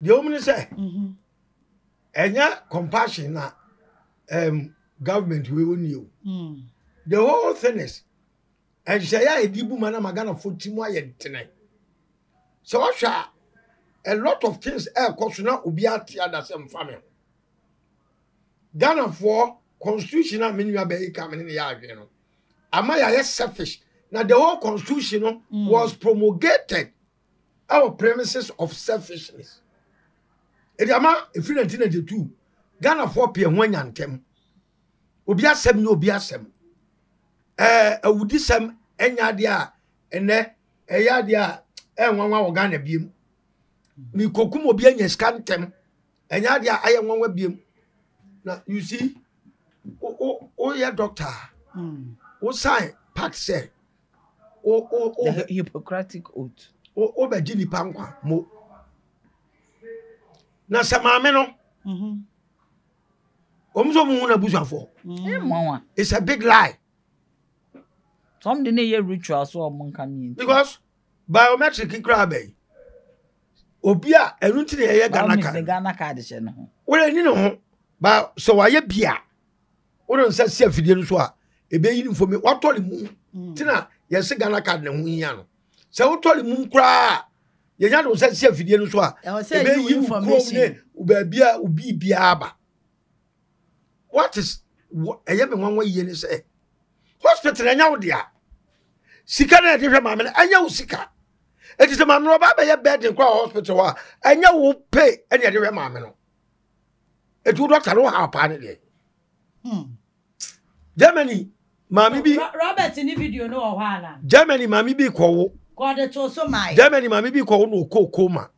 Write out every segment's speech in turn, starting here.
deɛ wɔn ni sɛ mhm. ɛnyɛ compassion na um, government wei wɔn ni hmm. the whole thing is ɛnhyɛn a yɛde bu ma na ma ghana fo ti mu ayɛ ntene sɛ wɔhwɛ a a lot of things ɛɛkɔ so na obi ate adasɛ nfa mi ghana foɔ constitution a menu abɛyi ka mi ne yɛ ahwɛ no ama yɛayɛ selfish na the whole constitution no mm. was promulgated our premises of selfishness ɛdi ama efiri nineteen ninety two ghana foɔ pii ɛho anya ntɛm obi asɛm nye obi asɛm ɛɛ eh, awudi sɛm ɛnya adeɛ a ɛnɛ ɛyɛ adeɛ a ɛnwanwa eh, wɔ ghana biem mikokum obi anya sika ntɛm ɛnya adeɛ a ayɛ nwanwa biem na you see o o o yɛ doctor hmm. o sign pack sɛ o o o the hippocratic oath o o bɛ di nipa nkwa mo na sɛ maame no wɔn nso mu hu na busuafoɔ. Mm-hmm. ɛmɔ it's a big lie. some de ne yɛ ritual so ɔmo nka mi. because biometric kura abɛyi obi a ɛnu ti na yɛyɛ ghana card. biometric ghana card hyɛ ne ho. wɔn ani ne ho ba sɛ wɔayɛ bia wɔn nsa si afidie no so a ebe yi nfomi wɔatɔ ne mu mm. tina yɛsi ghana card ne ho yia no sɛ wɔtɔ ne mu koraa yɛnya de wo sɛ si afidie no a ɛbɛyi wo kurom ne baabi a obi biara aba what is ɛyɛ me nwanwa yie ne sɛ hospital ɛnya wo dea sika no ɛde hwɛ maame no ɛnya wo sika ɛti sɛ maame no ɔba bɛyɛ bɛɛden kɔ a hospital a ɛnya wo pe ɛne ɛde hwɛ maame no ɛti wo dɔkta no wɔ ha paa ne deɛ hmm. germany maame bi robert ne video no wɔ hɔ ana germany maame bi kɔwo kɔɔde to so maa yi. germany maame bi kɔ na ɔkɔ ɔkɔ ma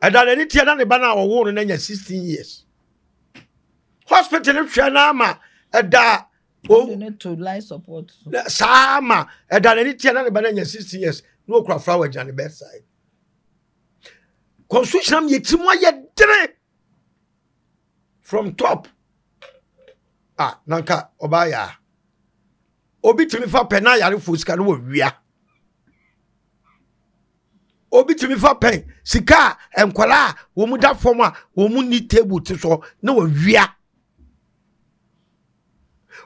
ɛda n'ani tia na ne ba na ɔwɔ no n'anya sixteen years hospital hwɛ n'ama ɛda o saa ama ɛda n'ani tia na ne ba na nya sixteen years na okura flower gyina ne bedside constitution am yɛ ti ayɛ dene from top Ah, nanka ɔbaa yɛ obi tìmi fa pɛ na ayarefo sika no wɔ wia obi tumi fa pɛn sika a nkɔla a wɔn mu da fam a wɔn mu ni table ti so na wɔwia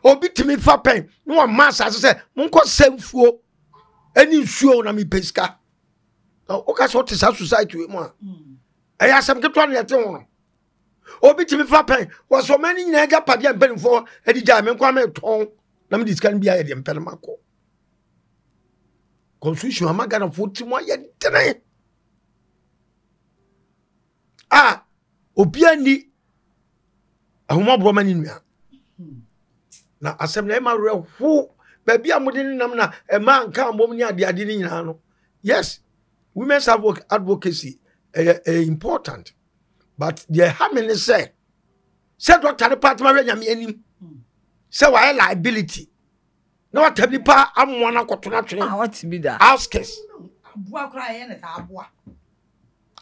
obi tumi fa pɛn na wɔn ma asase sɛ nkɔ sɛ nfuo ɛne nsuo na mi pɛ sika ɔka sɛ ɔte saa society wei mu a hmm. ɛyɛ asɛm ketewa na yɛte ho obi tumi fa pɛn wɔsɔ ɔmɛ nyinaa agya padeɛ mpɛnfoɔ ɛde gya mi nkɔ amɛ tɔn na mi di sika no bi ayɛ deɛ mpɛn mu constitution ama ghanafoɔ ti mu ayɛ dene a obia ni ahomaborɔ e ma ne nua na asɛm na ɛma werɛho baabi a mode ne nam na ɛma nka mmom ne adeade no nyinaa no yes women's advocacy ɛyɛ e, ɛyɛ e, important but deɛ ha me ne sɛ sɛ dɔkta ne paatoma wɛ nyame anim sɛ wayɛ liability na watam nipa amoa no akɔtona twene ouskes ah,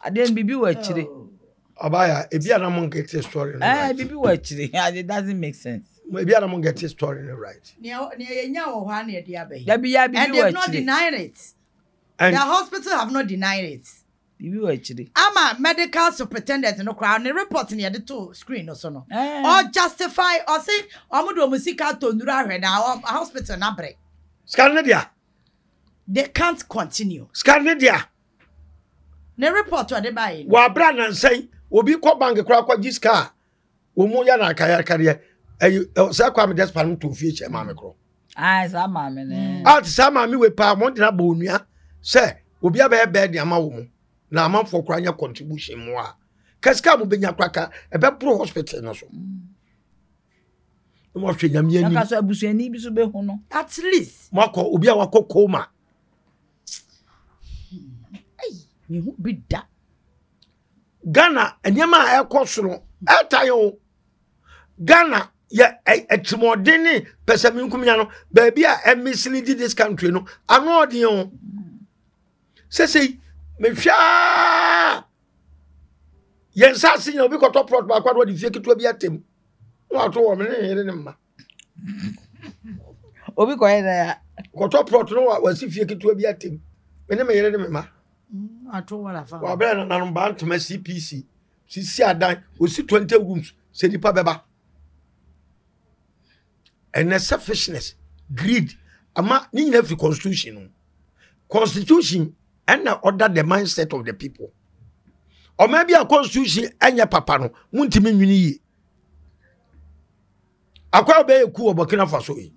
adeɛ no biribi wɔ akyire oh. ɔbaya ebi a na mo nkete story no eh, right biribi wɔ akyire it doesn't make sense ebi a na mo nkete story no right nea yɛnya wɔ hɔ a na yɛde abɛyɛ dabi ya biribi wɔ akyire and they have not denied it and the hospital have not denied it biribi wɔ akyire. ama medical superintendent no koraa ne report ni yɛde to screen no so no. Eh. ɔ justify ɔsi ɔmo de ɔmo sika to nuru ahwɛ na hospital na brɛ. sikari ne dia. they can't continue. sikari ne dia. ne report ɔde ba yi. wà á bẹ̀rẹ̀ nansẹ́yìn obi kọ́ bank kura kọ́ jí sika wọ́n mu yàrá kàyàkàyà ẹ̀yìn ọ̀sẹ̀ kwami despa ní tó fi ẹ̀kyẹ̀ maame kọ́. ayi sá maame nẹ. a ti sá maame wẹ̀ pa àwọn dìnnà bọ̀ ònua sẹ́ obi abẹ́yẹ bẹ́ẹ̀ di ama wọ̀ mu. Mm na amanfoɔ koraa nyɛ contribution mu a kasika a mobɛnya koraa ka ɛbɛboro hospital no so mm. na moahwɛ nyame anim so abusuani bi so bɛhu no at least moakɔ obi a wakɔ koma mehu bi da ghana nneɛma a ɛkɔ so no ɛtae o ghana yɛ ɛtrimɔden ne pɛsɛminkumya no baabi a ɛmisili di this country no ano ɔden o mm. sɛsɛi mehwɛa yɛn nsa ase nyina obi kɔtɔ plot baako ade wɔde fie ketewa bi atam na wato wɔ me ne yere ne mma obi kɔyɛ dɛ kɔtɔ plot no wasi fie ketewa bi atam me ne me yere ne me ma mm, wabrɛ nanobaa ntoma cpc sisi adan osi 20 rooms sɛ nipa bɛba ɛnɛ selfishness greed ama ne nyina firi constitution no constitution ɛna ɔda the mindset of the people or maybe a constitution ɛnyɛ papa no muntumi nwini yie akwa bɛyɛ ku bakina fasoi faso yi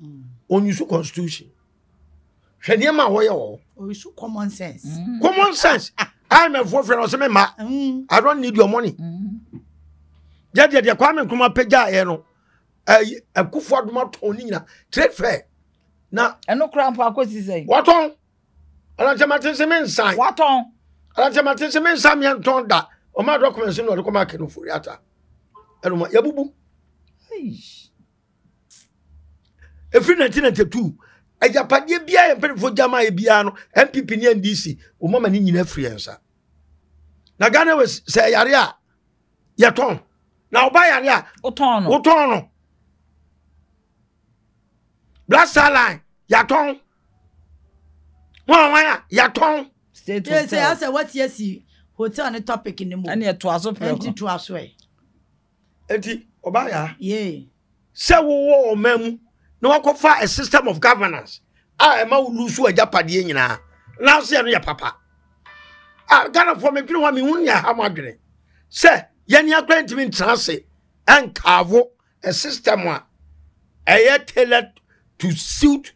onyusu mm. constitution hwɛ nneɛma a wɔyɛ wɔ. common sense. Mm. common sense I'm a ah. fɛ na ɔsɛ mi ma mm. i don't need your money jɛjɛ deɛ kwame nkrumah pɛgya ayɛ no ɛkufu aduma tɔn ne trade fair na. ɛnu kura mpɔ akɔ sisan yi. wɔtɔn alankyɛ ma te se me nsan watɔn alankyɛ ma te se me nsan miɛ ntɔn da ɔmo adɔkumɛnsi na ɔde kɔma akɛnɛ ofori ata ɛnum yabubu efiri nineteen ninety two agyapadeɛ biara yɛ mpanyinfo gyama yɛ biara no npp ne ndc wɔn ama ni nyinaa firi yɛn nsa na ghana wɔ sɛ yare a yɛtɔn na ɔba yare a wotɔn no wotɔn no black star wọn wọn a yàtɔn. state hotel sɛ asɛ wɔti esi hotel ne topic ne mu. ɛni ɛto aso pɛrɛ kɔ ɛnti to aso yɛ. eti ɔba ya. yee. sɛ wowɔ ɔman mu na wakɔfa a system of governance a ɛma wo lusu agyapadeɛ nyinaa n'ase yɛ no yɛ papa a ghana fɔ mi dwene hɔ mi hun yɛ ha ma dwene sɛ yɛn ni akora ntumi ntena ase ɛnkaavo a system a ɛyɛ tailored to suit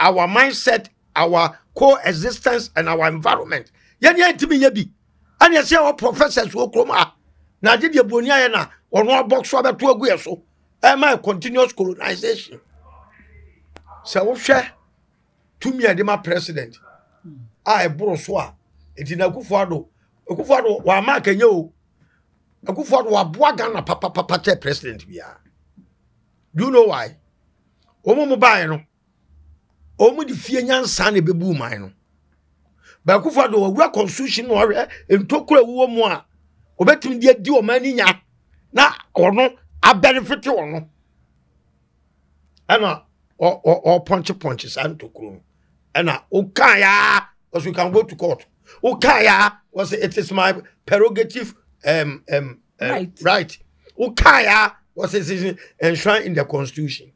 our mindset our coexistence and our environment yɛne yɛntumi yɛ bi ɛne ɛsɛ yɛwɔ professors wɔ kurom a na agye deɛ buroni ayɛ na ɔno abɔ so abɛto agu yɛ so ɛma continuous colonization sɛ wohwɛ tumi a Dima president a ɛboro so a nti na akufo ado akufo ado wama akanya o akufo ado papa papa papapapa kyɛ president biya do you know why wɔn mu no wɔn di fie nyansa na ɛbɛbu man no baako fa do ɔwura constitution na ɔhwɛ eh, ntokura ɛwɔ mu a ɔbɛtumi de adi ɔman ni nya na ɔno abɛnifiti ɔno ɛna ɔ o ɔpɔnkye pɔnkye saa ntokuro no ɛna ɔka ya ɔso we can go to court ɔka ya ɔsɛ it is my prerogative um, um, um, right right ɔka ya ɔsɛ it is enshrined in the constitution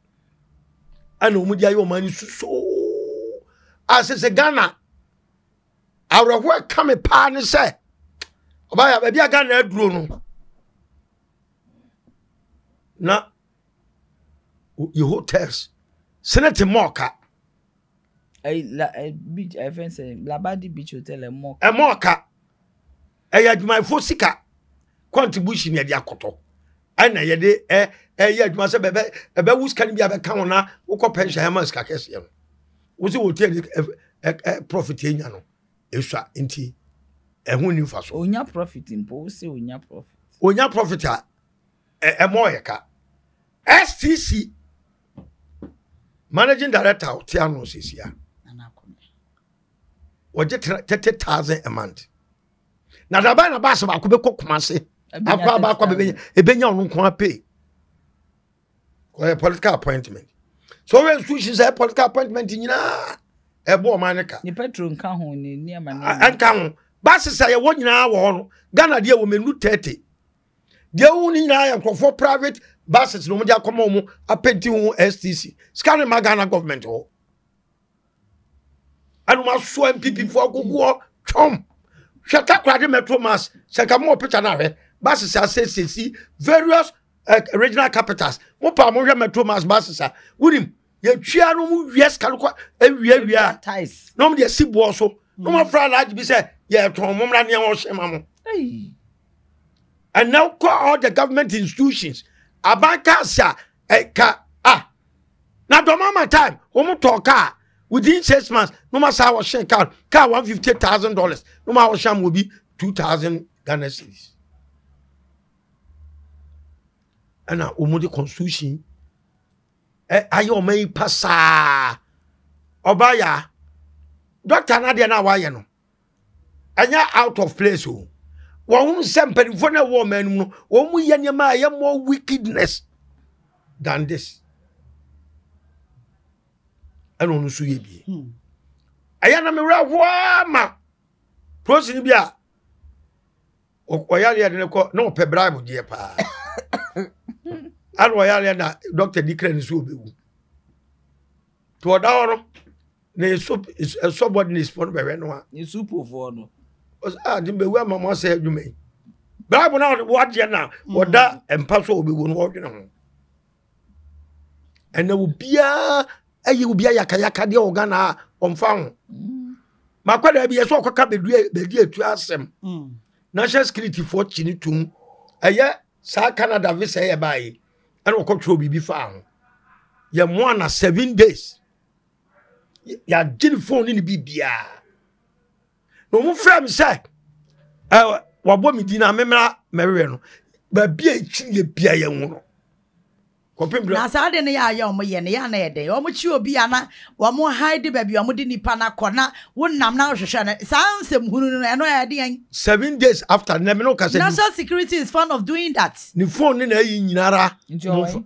ana wɔn di ayɛ ɔman ni soso asese ghana awerɛhoɔ ka me paa ne sɛ ɔbayɛ baabi a ghana aduro no na yɛ hotels senate mɔɔka ɛmɔɔka ɛyɛ adwumayɛfoɔ sika contribution yɛde akɔtɔ ɛna yɛde ɛyɛ adwuma sɛ bɛbɛwu sika no bi a bɛka ho na wokɔ pension ɛma sika kɛseɛ no wosi wo tiɛ ni ɛ ɛ ɛ profit yɛ nya no esua nti ɛho ni nfa so. onya profit mpo wosi onya profit. onya profit a ɛ ɛmɔ yɛ ka stc managing director ɔte ano sisi a wɔgye thirty thousand a month na daba na baasa baako bɛ kɔ kumase akɔ abaakɔ bɛ bɛ nya ɔno nko apɛ kɔyɛ political appointment so wɔn institution sɛ political appointment nyinaa ɛbɔ ɔman ne ka. ne petro nka ho ne nneɛma ne. nka ho basis a yɛwɔ nyinaa wɔ hɔ no ghana deɛ wɔ menu thirty deɛ wo ne nyinaa yɛ nkurɔfoɔ private basis na wɔn de akɔma wɔn apɛnti ho stc sika ne ma ghana government hɔ ɛnum aso npp fo agogo hɔ twɛm hwɛ takoradi metro mass sɛ nka mo wɔ picture na ahwɛ basis asɛ sɛsi various. Eh, regional capitals mo pa mo hwɛ metro mass buses a wonim yɛtwia no mu wiɛ sika no kɔ awia wia na ɔmo deɛ si boɔ so na ɔmo hmm. afra alaagye bi sɛ yɛtɔn mo mmra nneɛma ɔhyɛ ma mo and now call all the government institutions abankas a ɛka eh, Ah, na dɔm ama time wɔn talk kaa within six months no ma saa wɔhyɛ kaa car one fifty thousand dollars no ma wɔhyɛ ama obi two thousand ghana cedis. ɛna wɔn de constitution ɛ ayɛ ɔman yi pasaa ɔbaa yaa dɔkta n'adeɛ na wayɛ no ɛnyɛ out of place o wɔn sɛ mpanimfoɔ na ɛwɔ ɔman mu no wɔn mu yɛ nneɛma a ɛyɛ more wickedness than this ɛna ɔno nso yɛ bie ɛyɛ na mewura hoa ma prosin bi a ɔyɛ adeɛ de ne kɔ na ɔpɛ bribe deɛ paa ana ɔyareɛ na dɔkta di kra ne so ɔbɛwu nti ɔda hɔ no na ɛsɔbɔdenesifoɔ eh, no bɛhwɛ no a ɛsupofoɔ no ade bɛwu ama mo asɛ adwuma yi bible na wadeɛ na mm. ɔda mpa so a ɔbɛwu no wɔdwene ho ɛna obiaa ɛyɛ obiaa yakayaka deɛ ɔga na a ɔmfa ho mm. makwada bi yɛ sɛ ɔkɔka bɛdi atu asɛm mm. national security foɔ kyi ne tom saa canada visa yɛ baayɛ ɛna wɔkɔtwerɛ biribi faa ho yɛmmoa na seven days yɛagye ne phone ne ne biribiaa na ɔmo frɛ me sɛ wabɔ me din na memra mɛwerɛ no baabi a ɛkyiri yɛ bia yɛwo no na saa de ne yɛ ayɛ ɔmo yɛ ne yɛ ana yɛ ɔmo kyi obi ana ɔmo haide baabi ɔmo de nipa na kɔ na wonam na ahwehwɛ no saa nsɛm hunu no ɛno yɛ de seven days after ne mi n'o kasa. national security is fond of doing that. ni phone ni na eyi nyinara. ɔte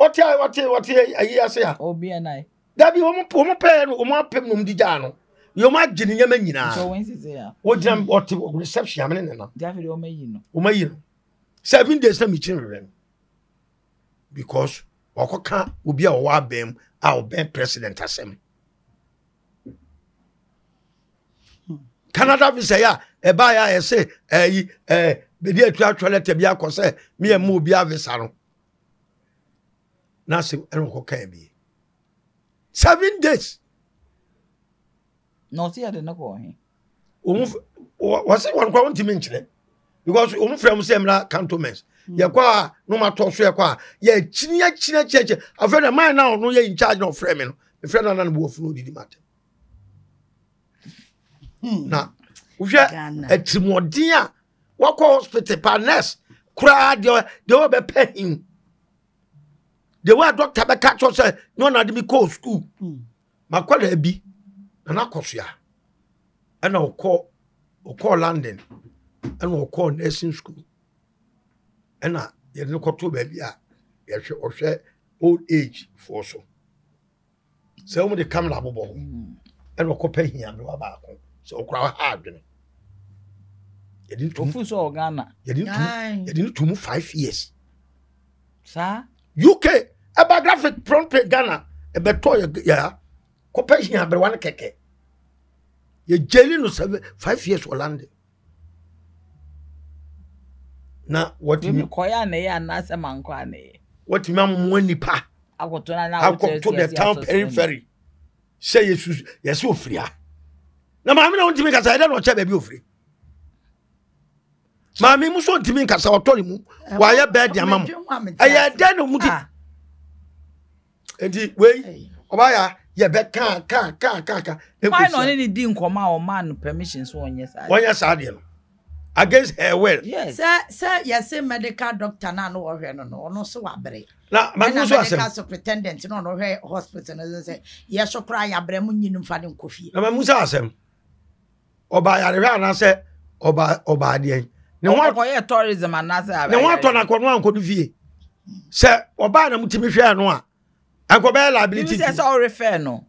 ɔte ɔte ayi ase a. obi ɛna ye. dabi ɔmo ɔmo pɛɛ no ɔmo apɛm na ɔmo di gya ano yɛn ɔmo agye ne nyɛma nyinaa. wɔgyina ɔte reception amene nana. ɔmo ayi no seven days na mi kyi no rɛ no because wɔkɔka obi a wɔwɔ abɛn mu a ɔbɛn president asɛm canada visa yi a ɛbaa yi a yɛsɛ ɛyi ɛɛ bedi etu atwa lɛtɛ bi akɔ sɛ mi yɛ mu obi avisa no n'asɛ ɛna ɔkɔ kan bi seven days. na ɔsi yɛ de ne kɔ ɔhin. wɔn wɔsi wɔn kɔ wɔn ti mi nkyerɛ because wɔn fira mu sɛ ɛmira cantonments yɛkɔ a no ma tɔ so yɛkɔ a yɛkyini akyini akyiniakyini afei na man na ɔno yɛ in charge hmm. na ɔfrɛ me no mefrɛ na ana no e bɔwɔfu no ɔdidi matɛm na wohwɛ atirimuɔden a wakɔ hospital pa nurse koraa deɛ deɛ wɔbɛpɛ him deɛ wɔ a dɔkta bɛka kyɛ sɛ ne ɔnade mi kɔɔ skul makɔdaa bi na na akɔ soa ɛna e ɔkɔ ɔkɔɔ london ɛna e ɔkɔɔ nursing school ɛna yɛde no kɔto baabi a yɛhwɛ ɔhwɛ old age foɔ so sɛ wɔn de kamera abobɔ ho hmm. ɛna ɔkɔpɛ hiamewa baako sɛ ɔkura ha adwene yɛde no tomu so ghana yɛde no tomu yɛde five years saa uk ɛba graphic front ghana ɛbɛtɔ yɛ yɛ kɔpɛ hiamewa no kɛkɛ yɛ no seven five years wɔ na watumi kɔyɛ anayɛ anaasɛ mankɔ anayɛ watumi amomoa nipa akɔto na na akɔto the town periphery sɛ yesu yɛsɛ ofiri ha na maame na ɔntumi kasa yɛdɛ na ɔkyɛ baabi ofiri maame mu so ntumi nkasa ɔtɔre mu wayɛ bɛɛ di ama mu ɛyɛ dɛ na ɔmu di ah. nti wei ɔbaayɛ yɛ bɛ kan kan kan kan kan. why na ɔne ne di nkɔmɔ a ɔmaa no permission so wɔnyɛ saa deɛ no against her will. yes sɛ sɛ yɛsɛ medical doctor naa no wɔhwɛ no no ɔno nso wabere. na maame nso asɛm ɛna medical superintendent na no hwɛ hospital no sɛ yɛsɔ koraa yabere mu nyi no nfa ne nkɔ fie. na maame nso asɛm ɔbaa yarehwɛ anaasɛ ɔbaa ɔbaa adeɛ. ne ho ɔkɔyɛ tourism anaasɛ abɛyɛ. ne ho atɔ n'akɔnɔ ankɔdu fie sɛ ɔbaa na mu ti mi hwɛ ɛno a akɔbɛyɛ liability. ibi sɛ sɛ ɔrefɛ no.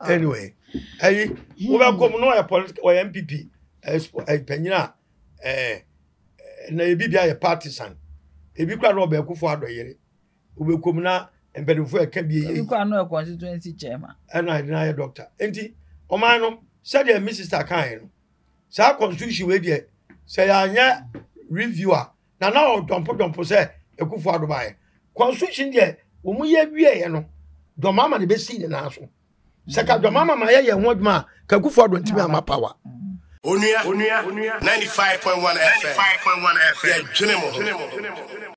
Ah. anyway ɛyi wobɛkɔ mu no ɔyɛ political ɔyɛ npp panyin a ɛɛ na ebi bia yɛ partisan ebi kura na ɔbɛn kofo adɔ yere obɛkɔ mu na mpanyinfo ɛka bi eyi. ebi kura na ɔyɛ constituency chairman. ɛna ɛdi na yɛ doctor nti ɔman no sɛdeɛ mi sista kan yɛ no saa constitution wei deɛ sɛ yɛanyɛ review a na na ɔdɔmpodɔmpo sɛ ɛkofo adɔ ba yɛ constitution deɛ wɔn yɛ wie yɛ no dɔmama de bɛ si nyinaa so sɛ ka dɔmama ma yɛ yɛn ho adwuma a kakufo adɔ ntumi ama power. Mm -hmm. Onuya, Onuya, 95.1 FM. 95.1 FM. Yeah, Junimo.